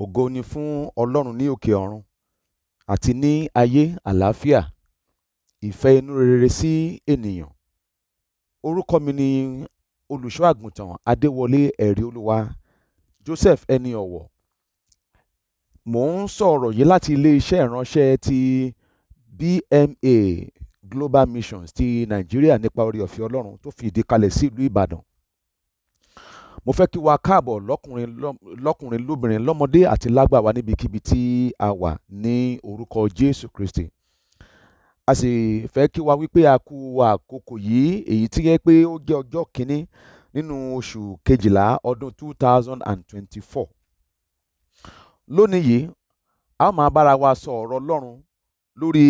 ògo ni fún ọlọ́run ní òkè ọ̀run àti ní ayé àlàáfíà ìfẹ́ inú rere sí ènìyàn orúkọ mi ni olùṣọ́ àgùntàn adéwọlé ẹ̀rí olúwa joseph ẹni ọ̀wọ̀ mò ń sọ̀rọ̀ yìí láti iléeṣẹ́ ìránṣẹ́ ti bma global missions ti nàìjíríà nípa oore ọ̀fẹ́ ọlọ́run tó fi ìdí kalẹ̀ sí ìlú ìbàdàn mo fẹ́ kí wa káàbọ̀ lọ́kùnrin lọ́kùnrin lóbìnrin lọ́mọdé àti lágbà wa níbikíbi tí a wà ní orúkọ Jésù Kristi a sì fẹ́ kí wa wípé a kú àkókò yìí èyí tí yẹ pé ó jẹ́ ọjọ́ kìíní nínú oṣù kejìlá ọdún two thousand and twenty-four lónìí yìí a máa bára wa sọ ọ̀rọ̀ Ọlọ́run lórí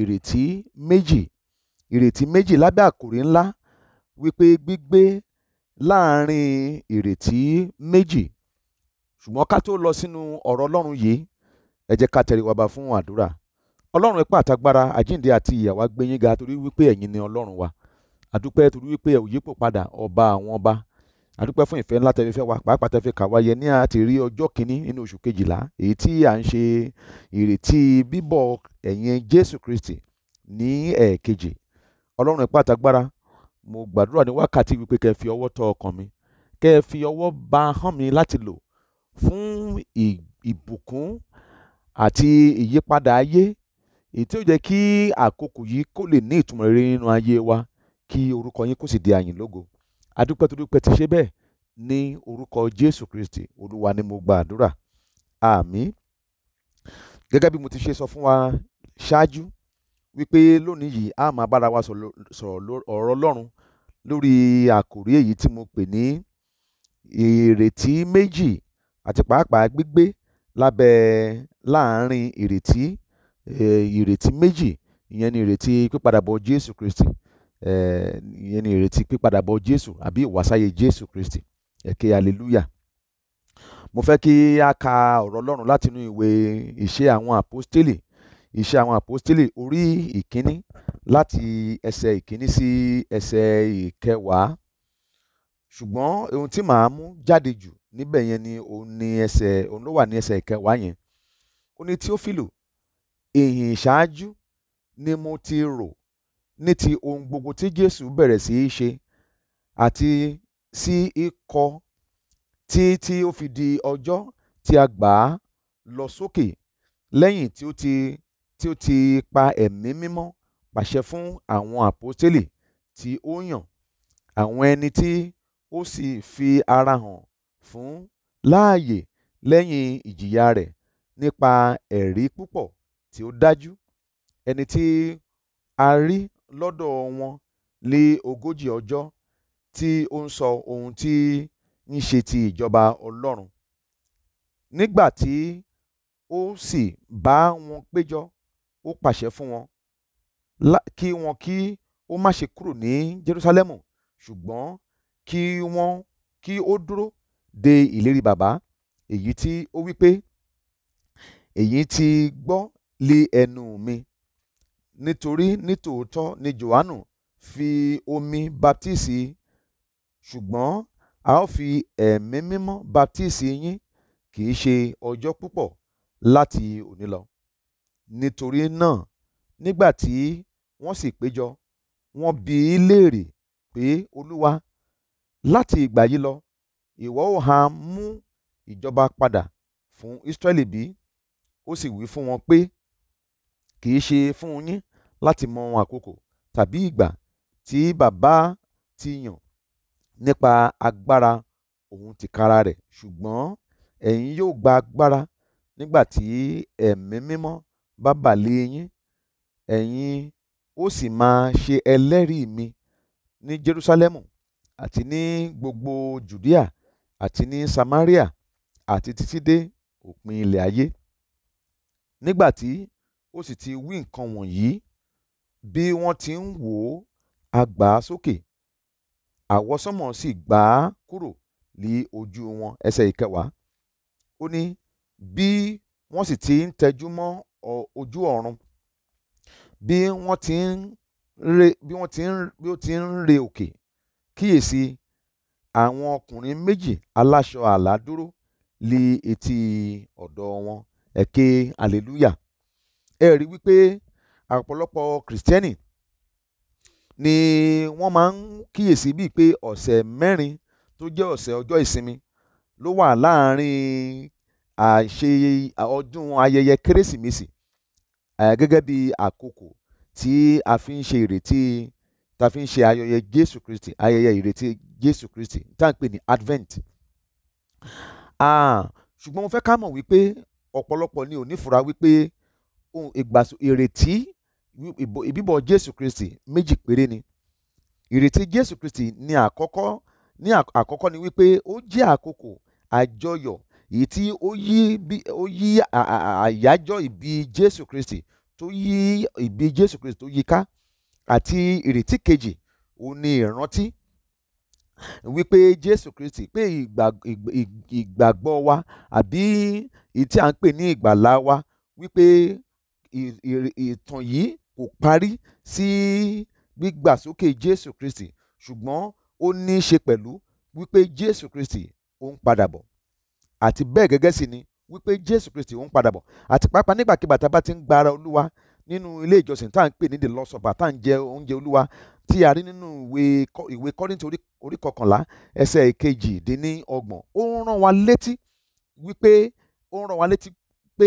ìrètí méjì ìrètí méjì lábẹ́ àkòrí ńlá wípé gbígbé láàárín ìrètí méjì ṣùgbọ́n ká tó lọ sínú ọ̀rọ̀ ọlọ́run yìí ẹ jẹ́ ká tẹríwaba fún àdúrà ọlọ́run ipá àtagbára àjíǹde àti ìyàwó agbẹ́yìn ga torí wípé ẹ̀yin ni ọlọ́run wa àdúpẹ́ torí wípé ẹ̀ ò yípo padà ọba àwọn ọba àdúpẹ́ fún ìfẹ́ ńlá tẹ́ fi fẹ́ wa pàápàá tẹ́ fi kà wáyé ní àti rí ọjọ́ kìíní nínú oṣù kejìlá èyí tí à ń ṣe ìrètí bíbọ̀ ẹ̀yìn jésù kristi ní ẹ̀ẹ̀kejì ọlọ́run ipá àtagbára mo gbàdúrà ní wákàtí wípé kẹ́ ẹ fi ọwọ́ tọ ọkàn mi kẹ́ fi ọwọ́ ba hàn mi láti lò fún ìbùkún àti ìyípadà ayé èyí tí ó jẹ́ kí àkókò yìí kó lè ní ìtumọ̀ rere nínú ayé wa kí orúkọ yín kó sì di àyìn lógo adúpẹ́ tó dúpẹ́ ti ṣe bẹ́ẹ̀ ní orúkọ Jésù Kristi olúwa ni mo gba àdúrà àmín gẹ́gẹ́ bí mo ti ṣe sọ fún wa ṣáájú wípé lónìí yìí a máa bára wa sọ̀rọ̀ ọ̀rọ̀ Ọlọ́run lórí àkòrí èyí tí mo pè ní ìrètí méjì àti pàápàá gbígbé lábẹ́ láàárín ìrètí ìrètí méjì ìyẹn ni ìrètí pípadàbọ̀ Jésù Kristi ìyẹn ni ìrètí pípadàbọ̀ Jésù àbí ìwàsáyé Jésù Kristi ẹ̀kẹ́ hallelujah mo fẹ́ kí a ka ọ̀rọ̀ Ọlọ́run látinú ìwé ìṣe àwọn àpọ́stélì iṣẹ́ àwọn àpọ́stélì orí ìkíní láti ẹsẹ̀ ìkíní sí ẹsẹ̀ ìkẹwàá ṣùgbọ́n ohun tí màá mú jáde jù níbẹ̀ yẹn ni òun ni ẹsẹ̀ òun ló wà ní ẹsẹ̀ ìkẹwàá yẹn ó ní Tíófílù ìhìn ìṣáájú ni mo ti rò ní ti ohun gbogbo tí Jésù bẹ̀rẹ̀ sí í ṣe àti sí ikọ̀ tí tí ó fi di ọjọ́ tí a gbà á lọ sókè lẹ́yìn tí ó ti tí ó ti pa ẹ̀mí mímọ́ pàṣẹ fún àwọn àpọ́stélì tí ó yàn àwọn ẹni tí ó sì fi ara hàn fún láàyè lẹ́yìn ìjìyà rẹ̀ nípa ẹ̀rí púpọ̀ tí ó dájú ẹni tí a rí lọ́dọ̀ wọn lé ogójì ọjọ́ tí ó ń sọ ohun tí ń ṣe ti ìjọba Ọlọ́run nígbà tí ó sì bá wọn péjọ ó pàṣẹ fún wọn kí wọn kí ó má ṣe kúrò ní Jerúsálẹ́mù ṣùgbọ́n kí wọ́n kí ó dúró de ìlérí bàbá èyí tí ó wí pé èyí tí gbọ́ lé ẹnu mi nítorí nítòótọ́ ni Jòhánù fi omi baptisi ṣùgbọ́n a ó fi ẹ̀mí mímọ́ baptisi yín kì í ṣe ọjọ́ púpọ̀ láti òní lọ nítorí náà nígbà tí wọ́n sì péjọ wọ́n bi í léèrè pé olúwa láti ìgbà yìí lọ ìwọ ó ha mú ìjọba padà fún ísírẹ́lì bí ó sì wí fún wọn pé kì í ṣe fún yín láti mọ àkókò tàbí ìgbà tí bàbá ti yàn nípa agbára òun tìkára rẹ̀ ṣùgbọ́n ẹ̀yin yóò gba agbára nígbà tí ẹ̀mí mímọ́ bá bà lé yín ẹ̀yin ó sì máa ṣe ẹlẹ́rìí mi ní jerúsálẹ́mù àti ní gbogbo jùdíà àti ní samaria àti títí dé òpin ilẹ̀ ayé nígbà tí ó sì ti wí nǹkan wọ̀nyí bí wọ́n ti ń wò ó a gbà á sókè àwọsánmọ̀ sì gbà á kúrò lé ojú wọn ẹsẹ̀ ìkẹwàá ó ní bí wọ́n sì ti ń tẹjú mọ́ ojú ọ̀run bí wọ́n ti ń re bí wọ́n ti ń bí ó ti ń re òkè kíyèsí àwọn ọkùnrin méjì aláṣọ àlà dúró li etí ọ̀dọ̀ wọn ẹ ké aleluya ẹ rí wípé ọ̀pọ̀lọpọ̀ kìrìsìtẹ́nì ni wọ́n máa ń kíyèsí bíi pé ọ̀sẹ̀ mẹ́rin tó jẹ́ ọ̀sẹ̀ ọjọ́ ìsinmi ló wà láàárín àṣe ọdún ayẹyẹ kérésìmesì Eh, gẹ́gẹ́ bí àkókò tí a fi ń ṣe ìrètí ta fi ń ṣe ayẹyẹ Jésù Kristi ayẹyẹ ìrètí Jésù Kristi tá à ń pè ní Advent ṣùgbọ́n mo fẹ́ ká mọ̀ wípé ọ̀pọ̀lọpọ̀ ni ò ní fura wípé ìrètí ìbíbọ̀ Jésù Kristi méjì péré ni ìrètí Jésù Kristi ni àkọ́kọ́ ní àkọ́kọ́ ni wípé ó jẹ́ àkókò àjọyọ̀ èyí tí ó yí bí ó yí àyájọ́ ìbí Jésù Kristi tó yí ìbí Jésù Kristi tó yí ká àti ìrètí kejì òun ni ìrántí wípé Jésù Kristi pé ìgbàgbọ́ wa àbí èyí tí a ń pè ní ìgbàlá wa wípé ìtàn yìí kò parí sí gbígbàsókè Jésù Kristi ṣùgbọ́n ó ní í ṣe pẹ̀lú wípé Jésù Kristi ó ń padà bọ̀ àti bẹ́ẹ̀ gẹ́gẹ́ sì ni wípé jésù kristi òun padà bọ̀ àti pàápàá nígbàkigbà tá a bá ti ń gba olúwa nínú ilé ìjọsìn tá à ń pè ní the lord supper tá à ń jẹ oúnjẹ olúwa tí a rí nínú ìwé kọ́rìntì orí kọkànlá ẹsẹ̀ ìkejì dín ní ọgbọ̀n ó ń rán wa létí wípé ó ń rán wa létí pé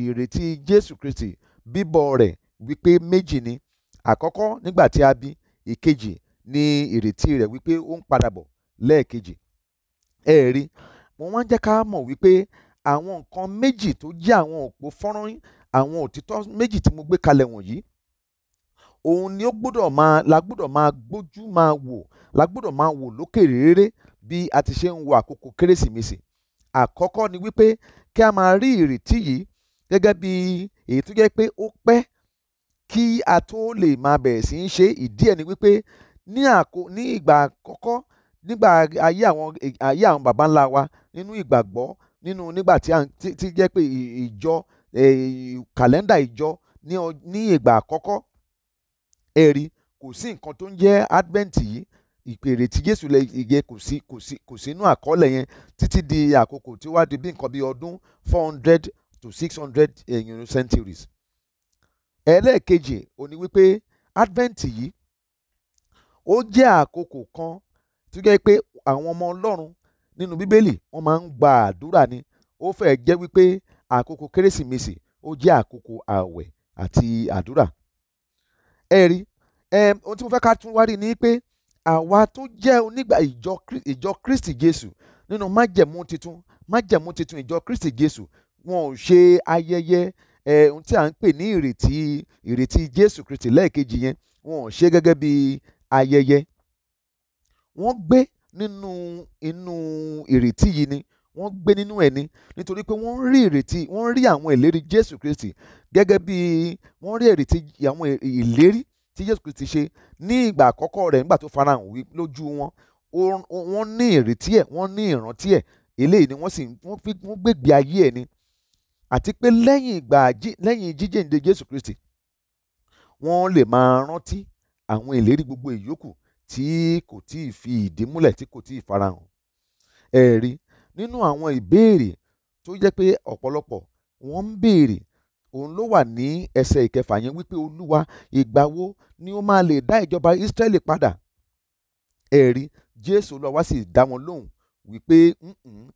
ìrètí jésù kristi bíbọ̀ rẹ̀ wípé méjì ni àkọ́kọ́ nígbà tí a bí ìkejì ní ìrètí rẹ̀ wípé ó ń padà bọ̀ lẹ́ẹ̀kejì ẹ̀ẹ́rí eh, wọ́n wá ń jẹ́ ká mọ̀ wípé àwọn nǹkan méjì tó jẹ́ àwọn òpó fọ́nrán àwọn òtítọ́ méjì tí mo gbé kalẹ̀ wọ̀nyí òun ni ó gbọ́dọ̀ máa la gbọ́dọ̀ máa gbójú máa wò la gbọ́dọ̀ máa wò lókè réré bí a ti ṣe ń wo àkókò kérésìmesì àkọ́kọ́ ni wípé kí a máa rí ìrètí yìí gẹ́gẹ́ bí èyí tó jẹ́ pé ó pẹ́ kí a tó lè máa bẹ̀rẹ̀ sí í ṣe ìdí ẹ̀ ni wípé ní àkó ní ìgbà àkọ́kọ́ nígbà ayé àwọn ayé àwọn baba ńlá wa nínú ìgbàgbọ́ nínú nígbà tí à ń tí jẹ́ pé ìjọ kàlẹ́ndà ìjọ ní ìgbà àkọ́kọ́ ẹ̀rí kò sí nǹkan tó ń jẹ́ advent yìí ìpèrè tí Jésù lè yẹ kò sí kò sí kò sínú àkọọ́lẹ̀ yẹn títí di àkókò tí ó wá di bí nǹkan bí ọdún four hundred to six hundred ẹ̀yìn centuries. ẹlẹ́ẹ̀kejì ó ní wípé advent yìí ó jẹ́ àkókò kan tó jẹ́ pé àwọn ọmọ ọlọ́run nínú bíbélì wọ́n máa ń gba àdúrà ni ó fẹ́ jẹ́ wípé àkókò kérésìmesì ó jẹ́ àkókò ààwẹ̀ àti àdúrà ẹ rí ohun tí mo fẹ́ ká tún wá rí ni pé àwa tó jẹ́ onígbà ìjọ kristi jésù nínú májẹ̀mú titun májẹ̀mú titun ìjọ kristi jésù wọn ò ṣe ayẹyẹ ohun tí a ń pè ní ìrètí ìrètí jésù kristi lẹ́ẹ̀kejì yẹn wọn ò ṣe gẹ́gẹ́ bí ayẹyẹ wọ́n gbé nínú inú ìrètí yìí ni wọ́n gbé nínú ẹ̀ ni nítorí pé wọ́n rí ìrètí wọ́n rí àwọn ìlérí Jésù Kristi gẹ́gẹ́ bí wọ́n rí ìrètí àwọn ìlérí tí Jésù Kristi ṣe ní ìgbà àkọ́kọ́ rẹ̀ nígbà tó farahàn lójú wọn wọ́n ní ìrètí ẹ̀ wọ́n ní ìrántí ẹ̀ eléyìí ni wọ́n sì wọ́n gbègbè ayé ẹ̀ ni àti pé lẹ́yìn ìgbà lẹ́yìn jíjẹ́ǹde Jésù Kristi wọ́n lè máa rántí àwọn ìlérí gbogbo ìyókù tí kò tí ì fi ìdí múlẹ̀ tí kò tí ì farahàn ẹ̀rí nínú àwọn ìbéèrè tó jẹ́ pé ọ̀pọ̀lọpọ̀ wọ́n ń béèrè òun ló wà ní ẹsẹ̀ ìkẹfà yẹn wípé olúwa ìgbà wo ni ó máa lè dá ìjọba Ísírẹ́lì padà ẹ̀rí Jésù lọ wá sì dá wọn lóhùn wípé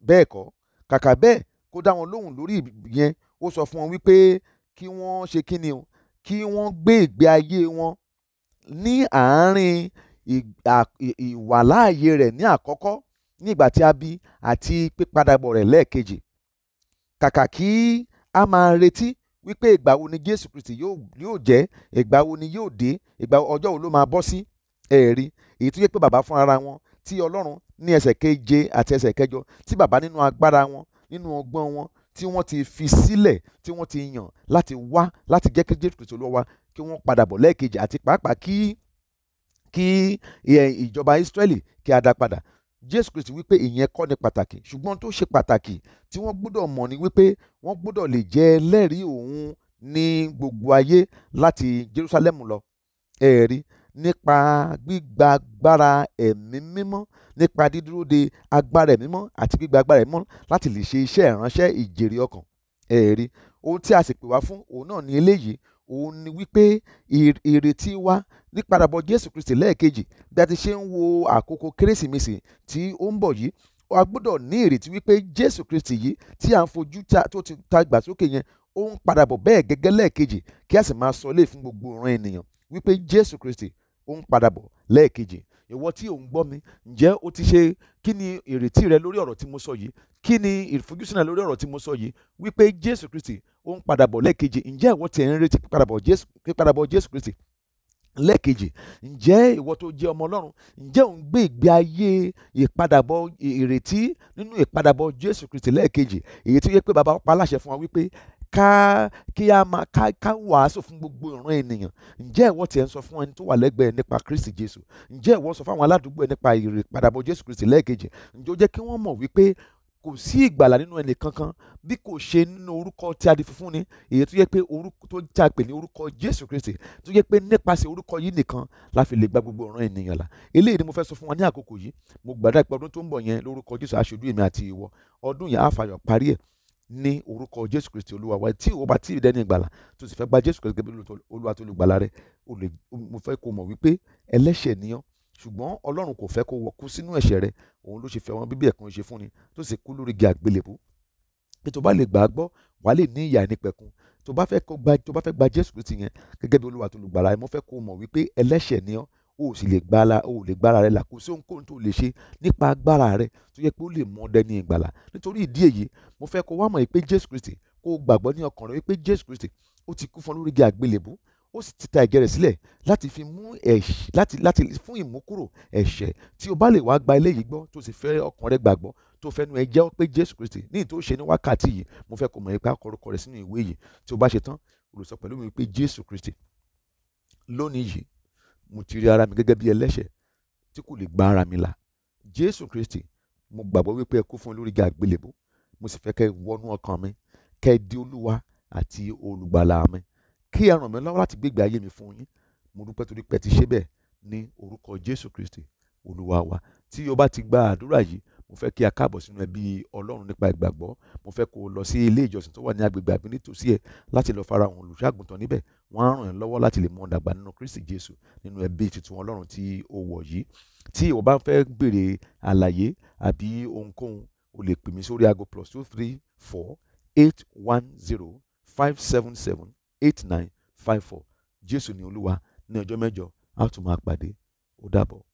bẹ́ẹ̀ kọ́ kàkà bẹ́ẹ̀ kó dá wọn lóhùn lórí yẹn ó sọ fún wọn wípé kí wọ́n ṣe kí ni o kí wọ́n gbé ìgbé ayé wọn ní àárín ìwàláàyè rẹ̀ ní àkọ́kọ́ ní ìgbà tí a bí àti pípadàbọ̀ rẹ̀ lẹ́ẹ̀kejì kàkà kí a máa retí wípé ìgbà wo ni Jésù Kristi yóò jẹ́ ìgbà wo ni yóò dé ìgbà ọjọ́ wo ló máa bọ́ sí ẹ̀rí èyí tó yẹ pé bàbá fún ara wọn tí Ọlọ́run ní ẹsẹ̀ keje àti ẹsẹ̀ kẹjọ tí bàbá nínú agbára wọn nínú ọgbọ́n wọn tí wọ́n ti fi sílẹ̀ tí wọ́n ti yàn láti wá láti jẹ́ kí Jésù Kristi Olúwa kí wọ́n padà lẹ́ẹ̀kejì àti pàápàá kí kí eh, ìjọba Ísírẹ́lì kí a dá padà Jésù Kristi wípé ìyẹn kọ́ ni pàtàkì ṣùgbọ́n tó ṣe pàtàkì tí wọ́n gbọ́dọ̀ mọ̀ ni wípé wọ́n gbọ́dọ̀ lè jẹ́ ẹlẹ́rìí òun ní gbogbo ayé láti Jerusalem lọ ẹ̀rí nípa gbígba agbára ẹ̀mí mímọ́ nípa dídúró de agbára ẹ̀mí mímọ́ àti gbígba agbára ẹ̀mí mímọ́ láti lè ṣe iṣẹ́ ìránṣẹ́ ìjèrè ọkàn ẹ̀rí ohun tí a sì pè wá fún òun náà ní eléyìí òun ni wípé ìrètí wa nípadàbọ̀ jésù kristi lẹ́ẹ̀kejì bí a ti ṣe ń wo àkókò kérésìmesì tí ó ń bọ̀ yìí a gbọ́dọ̀ ní ìrètí wípé jésù kristi yìí tí à ń fojú tó ti ta gbàsókè yẹn ó ń padàbọ̀ bẹ́ẹ̀ gẹ́gẹ́ lẹ́ẹ̀kejì kí a sì máa sọ lé fún gbogbo ìran ènìyàn wípé jésù kristi ó ń padàbọ̀ lẹ́ẹ̀kejì ìwọ tí ò ń gbọ́ mi ǹjẹ́ o ti ṣe kí ni ìrètí rẹ lórí ọ̀rọ̀ tí mo sọ yìí kí ni ìfojúsùn rẹ lórí ọ̀rọ̀ tí mo sọ yìí wípé jésù kristi ó ń padà bọ̀ lẹ́ẹ̀kejì ǹjẹ́ ìwọ tiẹ̀ ń retí pípadà bọ̀ jésù kristi lẹ́ẹ̀kejì ǹjẹ́ ìwọ tó jẹ́ ọmọ ọlọ́run ǹjẹ́ òun gbé ìgbé ayé ìpadàbọ̀ ìrètí nínú ìpadàbọ̀ jésù kristi lẹ́ẹ̀kejì èyí tó yẹ pé bàbá pa láṣẹ fún wa wípé ká kí a máa ká ká wàásù fún gbogbo ìran ènìyàn ǹjẹ́ ìwọ tiẹ̀ ń sọ fún ẹni tó wà lẹ́gbẹ̀ẹ́ nípa Kristi Jésù ǹjẹ́ ìwọ sọ fáwọn aládùúgbò ẹ nípa ìrìpadàbọ̀ Jésù Kristi lẹ́ẹ̀kejì ǹjẹ́ ó jẹ́ kí wọ́n mọ̀ wípé kò sí ìgbàlà nínú ẹnì kankan bí kò ṣe nínú orúkọ tí a di funfun ni èyí tó yẹ pé orúkọ tó ta pè ní orúkọ Jésù Kristi tó yẹ pé nípasẹ̀ orúkọ yìí nìkan la fi lè gba gbogbo ọ̀ràn ènìyàn là eléyìí ni mo fẹ́ sọ fún wa ní àkókò yìí mo gbàdá ìpè ọdún tó ń bọ̀ yẹn lórúkọ Jésù aṣojú èmi àti ìwọ ọdún yẹn àfàyọ̀ parí ẹ̀ ní orúkọ jésù kristi olúwa wa tí o bá tí ìdẹ́ni ìgbàlà tó sì fẹ́ gba jésù kristi gẹ́gẹ́ olúwa tó lè gbàlà rẹ mo fẹ́ kó mọ̀ wípé ẹlẹ́ṣẹ̀ nìyàn ṣùgbọ́n ọlọ́run kò fẹ́ kó wọ kú sínú ẹ̀ṣẹ̀ rẹ òun ló ṣe fi ọmọ bíbí ẹ̀kan ṣe fún ni tó sì kú lórí igi àgbélébú pé tó bá lè gbà á gbọ́ wàá lè ní ìyà nípẹ̀kun tó bá fẹ́ gba jésù kristi yẹn gẹ́gẹ́ bí olúwa tó lè gbàlà o sì lè gbára o lè gbára rẹ là kò sí ohunkóhun tó lè ṣe nípa agbára rẹ tó yẹ pé ó lè mọ ọdẹ ní ìgbàlà nítorí ìdí èyí mo fẹ́ kó wá mọ̀ pé Jésù Kristi kó o gbàgbọ́ ní ọkàn rẹ pé Jésù Kristi ó ti kú fún lórí igi àgbélébùú ó sì ti ta ẹ̀jẹ̀ rẹ̀ sílẹ̀ láti fi mú ẹ̀ṣẹ̀ láti láti fún ìmúkúrò ẹ̀ṣẹ̀ tí o bá lè wá gba eléyìí gbọ́ tó sì fẹ́ ọkàn rẹ gbàgbọ́ tó fẹ́nu ẹ jẹ́ pé Jésù Kristi ní ìtò ṣe ní wákàtí yìí mo fẹ́ kó mọ̀ ipa kọ̀rọ̀kọ̀ rẹ̀ sínú ìwé yìí tí o bá ṣe tán olùsọ pẹ̀lú mi pé Jésù Kristi lónìí yìí mo ti rí ara mi gẹ́gẹ́ bí ẹlẹ́ṣẹ̀ tí kò lè gba ara mi là jésù kristi mo gbàgbọ́ wípé ẹ kú fún lórí ga àgbélébó mo sì fẹ́ kẹ́ wọnú ọkàn mi kẹ́ di olúwa àti olùgbàlà mi kí ẹ ràn mí lọ́wọ́ láti gbégbé ayé mi fún yín mo dúpẹ́ torí pé ti ṣe bẹ́ẹ̀ ní orúkọ jésù kristi olúwa wa tí o bá ti gba àdúrà yìí mo fẹ́ kí a káàbọ̀ sínú ẹbí ọlọ́run nípa ìgbàgbọ́ mo fẹ́ kó o lọ sí ilé ìjọsìn tó wà ní agbègbè àbí nítòsí ẹ̀ láti lọ fara hàn olùṣàgùntàn níbẹ̀ wọ́n á ràn ẹ́ lọ́wọ́ láti lè mọ dàgbà nínú kristi jésù nínú ẹbí tuntun ọlọ́run tí o wọ̀ yìí tí o bá fẹ́ béèrè àlàyé àbí ohunkóhun o lè pè mí sórí aago plus two three four eight one zero five seven seven eight nine five four jésù ni olúwa ní ọjọ́ mẹ́jọ a tún máa pàdé ó dàbọ̀.